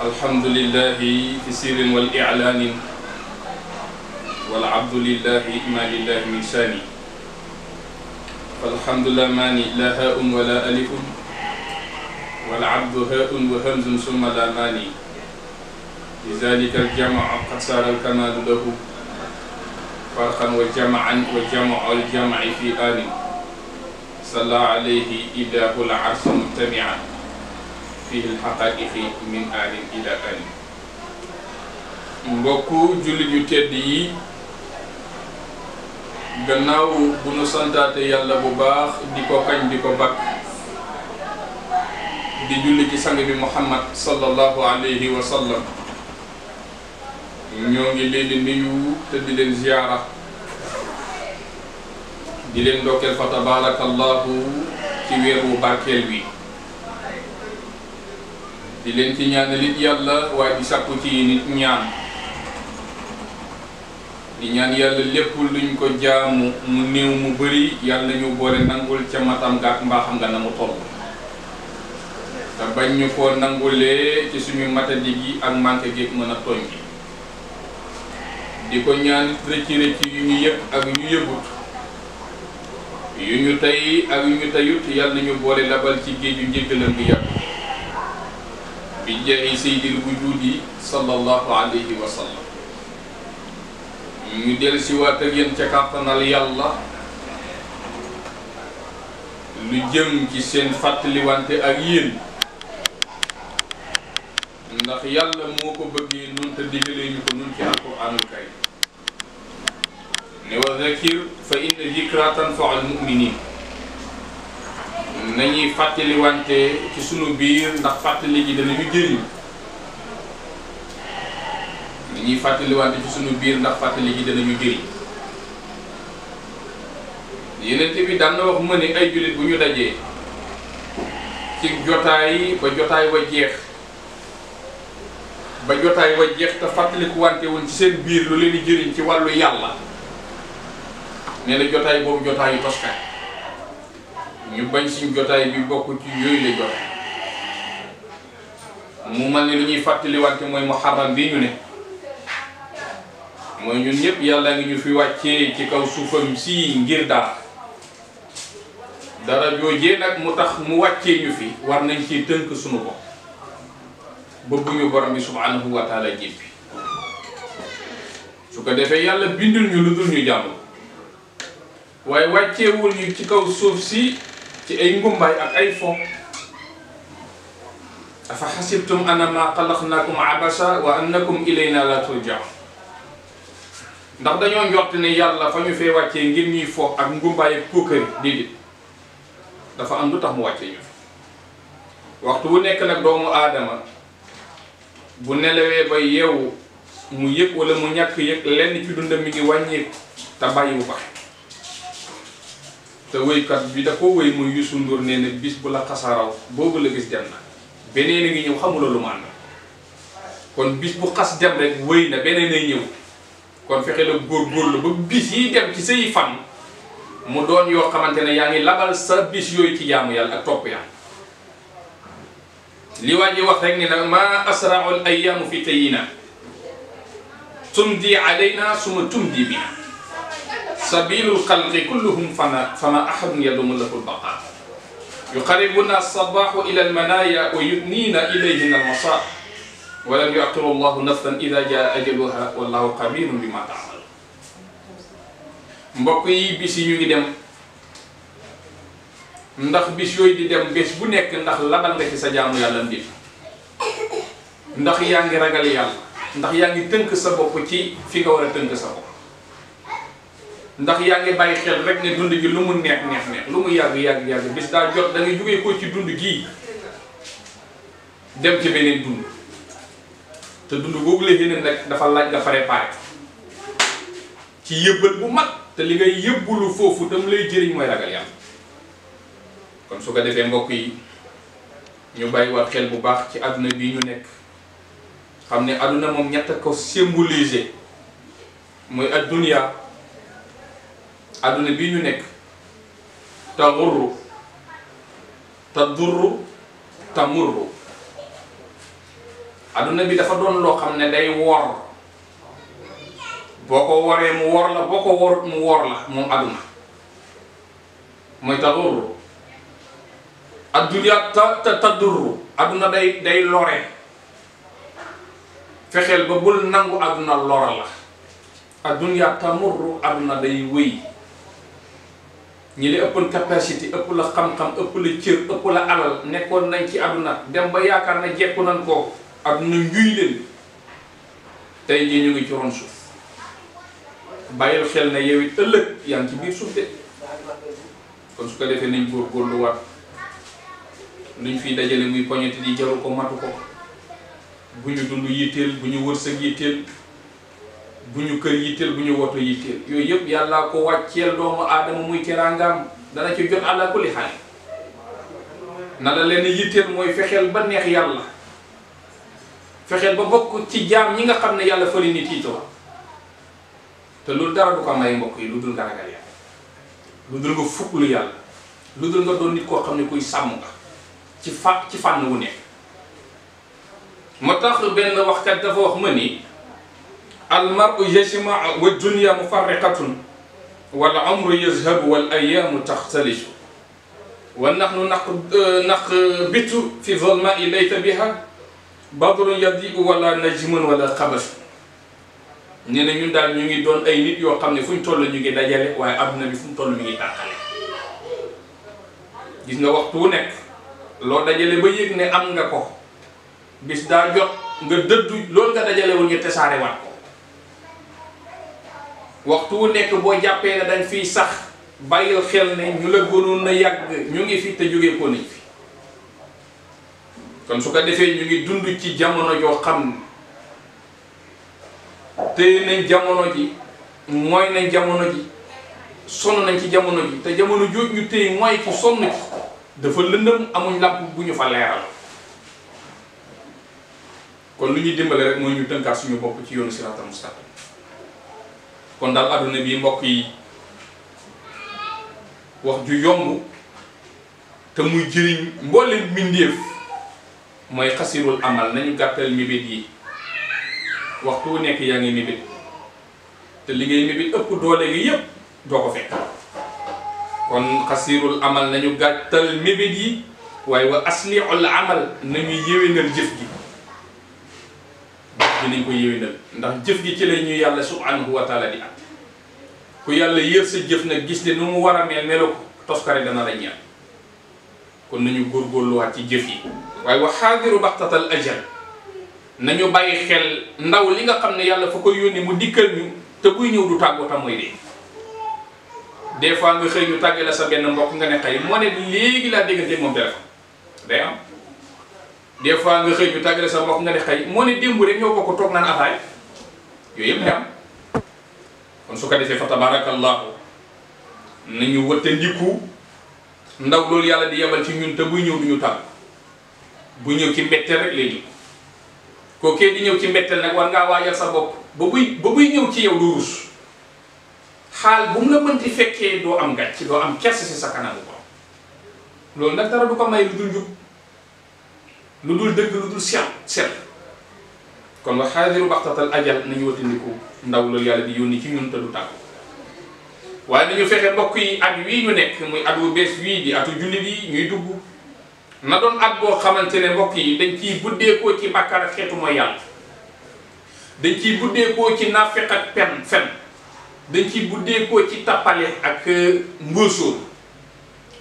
alhamdulillahi fi sirrin wal i'laanin wal abdulillahi imalillahi min shaani falhamdulillah maani la haa'un wala alifun wal abdu haa'un wa hamzun summa la maani لذلك الجمع قد صار الكمال له فرقا وجمعا وجمع الجمع في آن صلى عليه إله العرش مجتمعا fii lxaqaiqi min aanin ila aanin mbokku jullit yu tedd yi gannaaw bu nu santaate yàlla bu baax di ko kañ di ko bakk di julli ci sang bi muhammad sallallahu alayhi wa sallam ñoo ngi leen di nuyu te di leen ziyaara di leen ndokkeel fa tabaarakallahu ci weer wu barkeel wi di leen ci ñaanalit yàlla waaye di sàkku ci nit ñaan ñaan yàlla lépp luñ ko jaamu mu néew mu bëri yàlla ñu boole nangul ca matam ga ak mbaaxam nga na mu toll te bañ ñu ko nangulee ci suñu matadi gi ak manqué gi mën a tooñ di ko ñaan rëcc rëcc yu ñu yëg ak yu yëgut yu ñu tey ak yu ñu teyut yàlla ñu boole labal ci géeju njéggalam bi yàgg bi jaay sayyidil wujudi sallallahu alayhi wa sallam ñu del si waat ak yéen ca kàttanal yàlla lu jëm ci seen fàttaliwante ak yéen ndax yàlla moo ko bëggee nun te digalee ñu ko nun ci alquraanul karim ne wa zakir fa inna zikra tanfaul muminin nañuy fàttaliwante ci sunu biir ndax fàttali gi danañu jëriñ nañuy fàttaliwante ci sunu biir ndax fàttali gi danañu jëriñ yeneen bi daan na wax mu ne ay jullit bu ñu dajee ci jotaay ba jotaay wa jeex ba jotaay wa jeex te fàttaliku woon ci seen biir lu leen jëriñ ci wàllu yàlla nee na jotaay boobu jotaayu toskaay ñu bañ suñ jotaay bi bokk ci yooyu la jot mu mel ni lu ñuy fàttaliwante mooy muharram bi ñu ne mooy ñun ñëpp yàlla ngi ñu fi wàccee ci kaw suufam si ngir dara dara joojee nag mu tax mu wàccee ñu fi war nañ ci tënk sunu bopp bëgguñu borom bi subhanahu wa taala su ko defee yàlla bindul ñu lu dul ñu jàmm waaye wàcceewul ci kaw suuf si ci ay ngumbaay ak ay fo afa xasibtum annama xalaqnakum abasa wa annakum ilayna la turjaun ndax dañoo njort ni yàlla fa ñu fee wàccee ngir ñuy fo ak ngumbaay ak puukari déedéet dafa am lu tax mu wàccee ñu waxtu bu nekk nag doomu aadama bu nelawee ba yeewu mu yëg wala mu ñàkk yëg lenn ci dundam mi ngi wàññeeku te bàyyiwu ba te wéykat bi da koo wéy muy Youssou Ndour nee na bu la xasaaraw boobu la gis dem na beneen a ngi ñëw xamula lu mu ànd kon bis bu xas dem rek wéy na beneen ay ñëw kon fexe la góorgóorlu ba bis yi dem ci say fan mu doon yoo xamante ne yaa ngi labal sa bis yooyu ci jaamu yàlla ak topp yàlla li waa ji wax rek ni nag maa ay ayaamu fi tayina tumdi alayna suma tumdi bina sabilul xalqi kulluhum fana fama ahadun yadumu lahu lbaqa yuqaribuna sabahu ila almanaya wa yudnina ilayhin almasa walam yuaqiru llahu nafsan ida jaa ajaluha wallahu xabirun bima taamal mbokk yi bis yi ñu ngi dem ndax bis yooyu di dem bés bu nekk ndax labal nga ci sa jaamu yàlla ndif ndax yaa ngi ragal yàlla ndax yaa ngi tënk sa bopp ci fi nga war a tënk sa bopp ndax yaa ngi bàyyi xel rek ne dund gi lu mu neex neex neex lu mu yàgg yàgg yàgg bis daa jot da nga jugee ci dund gii dem ci beneen dund te dund googu la yeneen nag dafa laaj nga préparé ci yëbbal bu mag te li ngay yëbbulu foofu dam lay jëriñ mooy ragal yàlla kon su ko defee mbokk yi ñu bàyyiwaat xel bu baax ci àdduna bii ñu nekk xam ne àdduna moom ñett ko symboliser mooy ad dunya adduna bi ñu nekk ta xurru ta adduna bi dafa doon loo xam ne day wor boo ko woree mu wor la boo ko worut mu wor la moom adduna mooy ta xurru ta ta ta adduna day day lore fexeel ba bul nangu adduna lor la addunya ta murru adduna day wéy ñi la ëppoon capacité ëpp la xam-xam ëpp la cër ëpp la alal nekkoon nañ ci àdduna dem ba yaakaar na jekku nañ ko àdduna njuy leen tey jii ñu ngi ci ron suuf bàyyil xel na yow it ëllëg yaa ngi ci biir suuf de kon su ko defee nañ góorgóorlu waat luñ fiy dajale muy poñeti di jaru ko matu ko bu ñu dund yitteel bu ñu wërsëg yitteel bu ñu kër yitteel bu ñu woto yitteel yooyu yëpp yàllaa ko wàcceel doomu aadama muy teraangaam dana ci jot àlla kulli xaal na la leen yitteel mooy fexeel ba neex yàlla fexeel ba bokk ci jaam ñi nga xam ne yàlla fari ni tiitoo te loolu dara du ko may mbokk yi lu dul nga ragal lu dul nga fukk lu yàlla lu dul nga doon nit koo xam ne kuy sàmm nga ci fa ci fànn wu nekk moo tax benn waxkat dafa wax ma nii almaru yajma wa dunya mufarriqatun wal umru yazhabu wal ayyamu taxtalisu wa nahnu naqbitu fi zulmati laysa biha badrun yadiu wala najmun wala xabasu nee na ñun daal ñu ngi doon ay nit yoo xam ne fu ñu toll ñu ngi dajale waaye adduna na fu mu toll mi ngi tàqale gis nga waxtu wu nekk loo dajale ba yëg ne am nga ko bis daa jot nga dëddu loolu nga dajale woon nga tesaare waat waxtu wu nekk boo jàppee na dañ fiy sax bàyyil xel ne ñu la gënoon na yàgg ñu ngi fii te jógee ko nañ fi kon su ko defee ñu ngi dund ci jamono joo xam téye nañ jamono ji mooy jamono ji sonn nañ ci jamono ji te jamono jooj ñu téye mooy ci dafa lëndëm amuñ làmp bu ñu fa leeral kon lu ñuy dimbale rek mooy ñu dënkaat suñu bopp ci yoonu siraatal mustaqim kon daal àdduna bi mbokk yi wax ju yomb te muy jëriñ mboolem mbindéef mooy xasirul amal nañu gàttal mébét yi waxtu wu nekk yaa ngi mébét te li ngay ëpp doole gi yépp doo ko fekk kon xasirul amal nañu gàttal mébét yi waaye wa asliul amal nañu yéwénal jëf gi dinañ ko yéwénal ndax jëf gi ci la ñu yàlla subhanahu wa taala di at ku yàlla yër sa jëf nag gis ne nu mu war a mel melo ko toskare dana la ñeel kon nañu góorgóorluwaat ci jëf yi waaye wa xaadiru baxtatal ajal nañu bàyyi xel ndaw li nga xam ne yàlla foo ko yónni mu dikkal ñu te buy ñëw du tàggoo tam mooy dee des fois nga xëy ñu tàggee la sa benn mbokk nga ne xëy moo ne léegi laa déggante moom téléphone day am des fois nga xëy mu tàggale sa mbokk nga ne xëy moo ne démb rek ñoo bokk toog naan ataay yooyu yëpp day am su ko defee fa tabarakallahu nañu wëttandiku ndaw loolu yàlla di yebal ci ñun te buy ñëw du ñëw ci mbetteel rek lay ñëw kookee di ñëw ci mbetteel nag war ngaa waajal sa bopp ba buy ba buy ñëw ci yow du rus xaal bu mu la mënti fekkee doo am gàcc doo am kers si sa kanam ko loolu nag dara du ko may lu dul lu dul dëgg lu dul seet seet kon wa xaadiru baxtatal ajal nañu watandiku ndaw loolu yàlla di yónni ci ñun te du tàggu waaye nañu fexe mbokk yi ak wii ñu nekk muy at wu bees wii di atu jullit yi ñuy dugg na doon at boo xamante ne mbokk yi dañ ci buddeekoo ci bàkkaar ak yàlla dañ ci buddeekoo ci naafeq ak pen fen dañ ci buddeekoo ci tappale ak euh, mbóosóor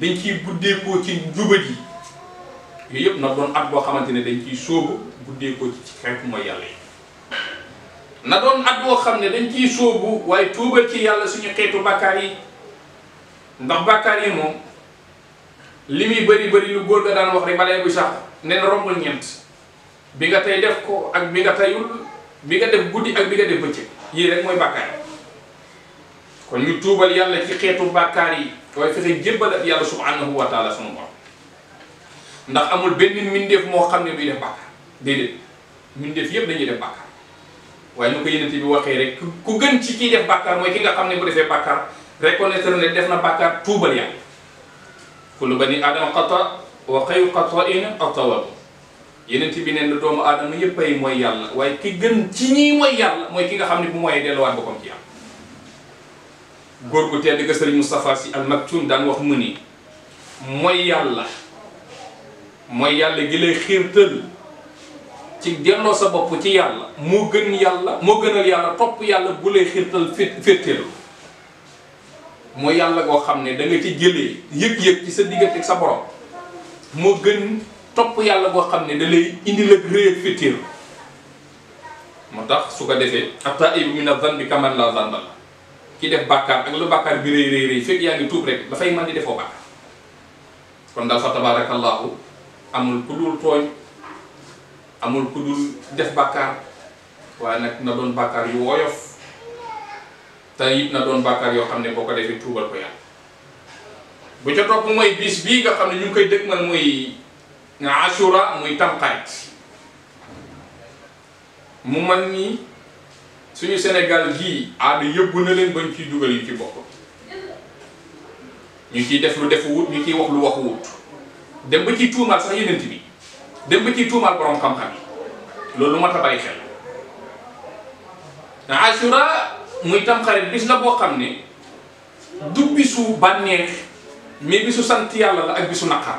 dañ ciy buddeekoo ci juba ji yooyu yëpp na doon at boo xamante ne dañ ciy sóobu guddee ko ci xeetu mooy yàlla yi na doon at boo xam ne dañ ciy sóobu waaye tuubal ci yàlla suñu xeetu bàkkaar yi ndax bàkkaar yi moom li muy bëri bëri lu góor ga wax rek balay bu ne na rombul bi nga tey def ko ak bi nga bi nga def guddi ak bi nga def bëccëg yii rek mooy bàkkaar kon ñu tuubal yàlla ci xeetu yi waaye fexe jébbal ak yàlla subhanahu wa taala sunu borom ndax amul benn mbindeef moo xam ne duy def bàkkaar déedéet mbindeef yëpp dañuy def bàkkaar waaye ñu ko yenente bi waxee rek ku gën ci kiy def mooy ki nga xam ne bu defee bàkkaar reconnaître ne def na bàkkaar tuubal yàlla kullu bani aadama xata wa xayu xata'in xatawal yenente bi neen doomu aadama yëpp ay mooy yàlla waaye ki gën ci ñii mooy yàlla mooy ki nga xam ne bu mooyee delluwaat boppam ci yàlla góor gu tedd ga sëriñ Moustapha Sy Al Maktoum daan wax mu ni mooy yàlla mooy yàlla gi lay xiirtal ci delloo sa bopp ci yàlla moo gën yàlla moo gënal yàlla topp yàlla bu lay xiirtal fé féeteelu mooy yàlla goo xam ne da ci jële yëg-yëg ci sa diggante ak sa borom moo gën topp yàlla goo xam ne da lay indi la réer féeteelu moo tax su ko defee at-taa'ibu mina zanbi kaman laa zanba la ki def bàkkaar ak lu bàkkaar bi rëy rëy rëy fekk yaa ngi tuub rek dafay mën di defoo bàkkaar kon daal fa tabaarakallaahu amul ku dul tooñ amul ku dul def bàkkaar waaye nag na doon bàkkaar yu woyof te na doon bàkkaar yoo xam ne boo ko defee tuubal ko yàlla bu ca topp mooy biis bii nga xam ne ñu ngi koy dëgmal muy nga asura muy tamxarit mu man ni suñu Sénégal gii aada yëbbu na leen bañ ciy dugal yu ci bokk ñu ciy def lu defu wut ñu ciy wax lu waxu wut dem ba ciy tuumaal sax yonent bi dem ciy tuumaal borom xam-xam yi loolu lu mat a bàyyi xel asura muy tamxarit bis la boo xam ne du bisu bànneex mais bisu sant yàlla la ak bisu naqar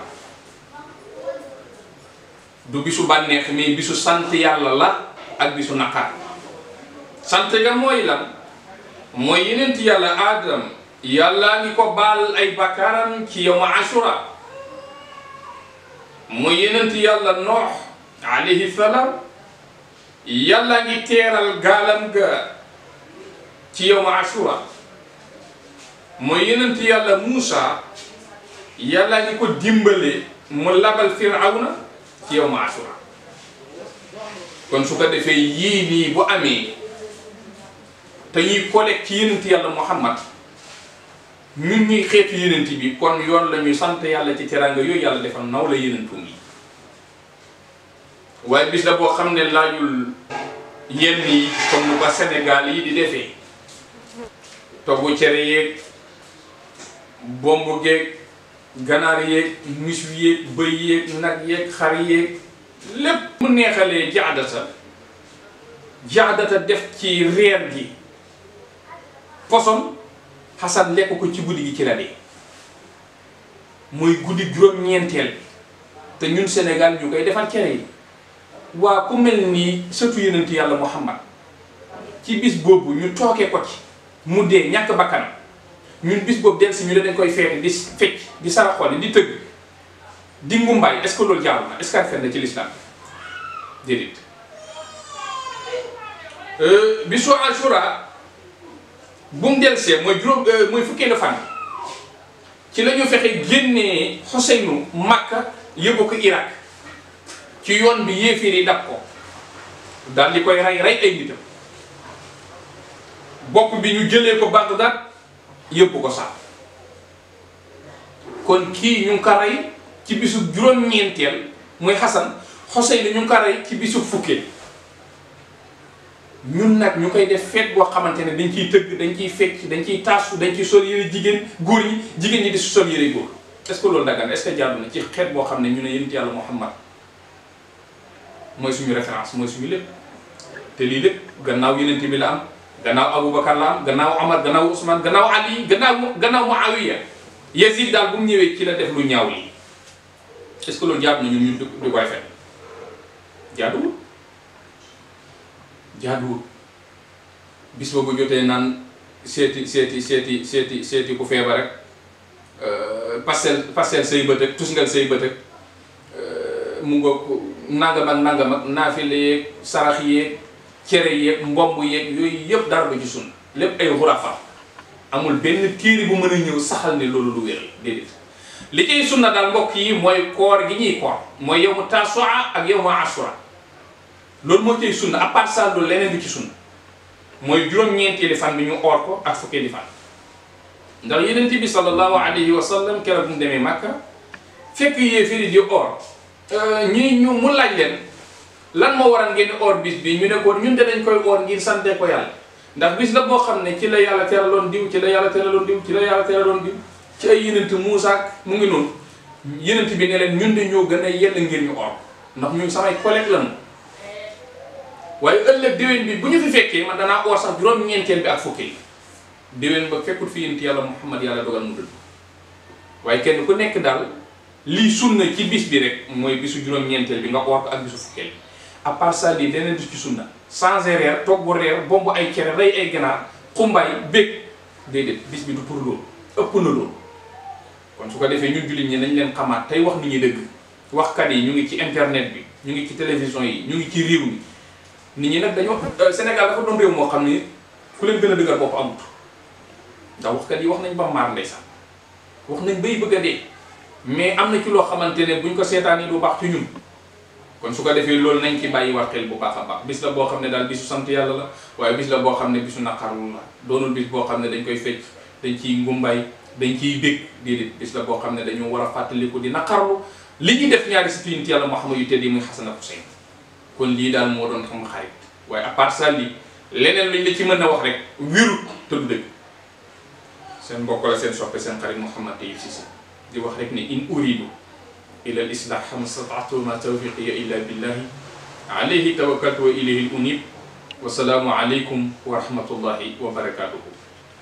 du bisu bànneex mais bisu sant yàlla la ak bisu naqar sant ga mooy lan mooy yenent yàlla aadam yàlla ngi ko baal ay bakkaaram ci yow ma asura mu yenent yàlla noox alayhi salaam yàlla ngi teeral gaalam ga ci yow ma ashura mu yenent yàlla muusa yàlla ngi ko dimbale mu labal firawna ci yow ma ashura kon su ko defee yii nii bu amee te ñuy kole ci yenent yàlla muhammad ñun ñuy xeetu yonent bi kon yoon la ñuy sant yàlla ci teraanga yooyu yàlla defal naw la yonentum yi waaye bis la boo xam ne laajul yenn yi comme nu ba Sénégal yi di defee toggu cere yeeg bomb geeg ganaar yeeg misu yeeg bëy yeeg nag yeeg xar yeeg lépp mu neexalee jaadata jaadata def ci reer gi poson xasan lekk ko ci guddi gi ci la muy guddi juróom-ñeenteel te ñun Sénégal ñu koy defar cere yi waa ku mel ni sëtu yonent yàlla Muhammad ci bis boobu ñu tooke ko ci mu dee ñàkk bakkanam ñun bis boobu del si ñu ne dañ koy feeti di fecc di saraxoon di tëgg di ngumbaay est-ce que loolu jaarul na est na ci lislaam déedéet euh, bisu Ashura bu mu delsee mooy juróom euh, mooy fukkee la fan ci la ñu fexe génnee Xuseynu Makka yóbbu ko Irak ci yoon bi yéeféer yi dab ko daldi koy rey rey ay nitam bopp bi ñu jëlee ko Bagdad yóbbu ko sax kon kii ñu ngi ko rey ci bisu juróom-ñeenteel muy Xasan Xuseynu ñu ngi ko rey ci bisu fukkee ñu nag ñu koy def feet boo xamante ne dañ ciy tëgg dañ ciy fecc dañ ciy taasu dañ ciy sol yëre jigéen góor yi jigéen ñi di sol yëre góor est-ce que loolu dagan est jàll na ci xeet boo xam ne ñu ne yonent yàlla Muhammad mooy suñu référence mooy suñu lépp te lii lépp gannaaw yonent bi la am gannaaw Aboubacar la am gannaaw Omar gannaaw Ousmane gannaaw Ali gannaaw gannaaw Muawiya Yazid daal bu mu ñëwee ci la def lu ñaaw lii est-ce que loolu jàll na ñun ñun jaaduwut bis ba bu jotee naan seeti seeti seeti seeti seeti ku feebar rek euh, pastel pastel say bët ak tusngal say bët euh, mu nga nangam ak nangam ak naafile yeeg sarax yeeg cere yeeg mbomb yeeg yooyu yëpp dara du ci sun lépp ay xurafa amul benn téere bu mën a ñëw saxal ne loolu lu wér déedéet li ciy sunna daal mbokk yi mooy koor gi ñuy koor mooy yow mu ak yow mu loolu moo ciy sunna à part ça loolu leneen du ci sunna mooy juróom-ñeenteeli fan bi ñu oor ko ak fukkeeli fan ndax yenent bi sallallahu alayhi wa sallam keroog mu demee Makka fekk yéefiri di oor euh, ñi ñu mu laaj leen lan moo waral ngeen oor biis bi ñu ne ko ñun de dañ koy oor ngir sante ko yàlla ndax bis la boo xam ne ci la yàlla teraloon diw ci la yàlla teraloon diw ci la yàlla teraloon diw ci ay yenent Muusa mu ngi noonu yenent bi ne leen ñun de ñoo gën a yell ngir ñu oor ndax ñun samay collègue lañu waaye ëllëg déwén bi bu ñu fi fekkee man danaa oor sax juróom-ñeenteel bi ak fukki yi déwén ba fekkul fi yéen yàlla Muhammad yàlla dogal mu dund waaye kenn ku nekk daal lii sunna ci bis bi rek mooy bisu juróom-ñeenteel bi nga oor ko ak bisu fukkeel bi à part lii leneen du ci sunna changé reer togg reer bomb ay cere rey ay ganaar xumbaay bég déedéet bis bi du pour loolu ëpp na loolu kon su ko defee ñu jullit ñi nañ leen xamaat tey wax nit ñi dëgg waxkat yi ñu ngi ci internet bi ñu ngi ci télévision yi ñu ngi ci réew nit ñi nag dañoo euh, Sénégal dafa doon réew moo xam ne ku leen gën a dëgër bopp amut ndax waxkat yi wax nañ ba maar ndeysaan wax nañ bay bëgg a dee mais am na ci loo xamante ne buñ ko seetaanee lu baax ci ñun kon su ko defee loolu nañ ci bàyyi war xel bu baax a baax bis la boo xam ne daal bisu sant yàlla la waaye bis la boo xam ne bisu naqarlu la doonul bis boo xam ne dañ koy fecc dañ ciy ngumbaay dañ ciy bég déedéet bis la boo xam ne dañoo war a fàttaliku di naqarlu li ñuy def ñaari si tuyint yàlla moo xam yu tedd yi muy xasana Hussein kon lii daal moo doon sama xarit waaye à part ça lii leneen luñ la ci mën a wax rek wérut te du dëgg seen mbokk la seen soppe seen xarit Mouhamed Taïb Cissé di wax rek ne in uridu ila al islah ma stata'tu ma tawfiqiya illa billahi alayhi tawakkaltu wa ilayhi unib wa salaamu alaykum wa rahmatullahi wa barakatuhu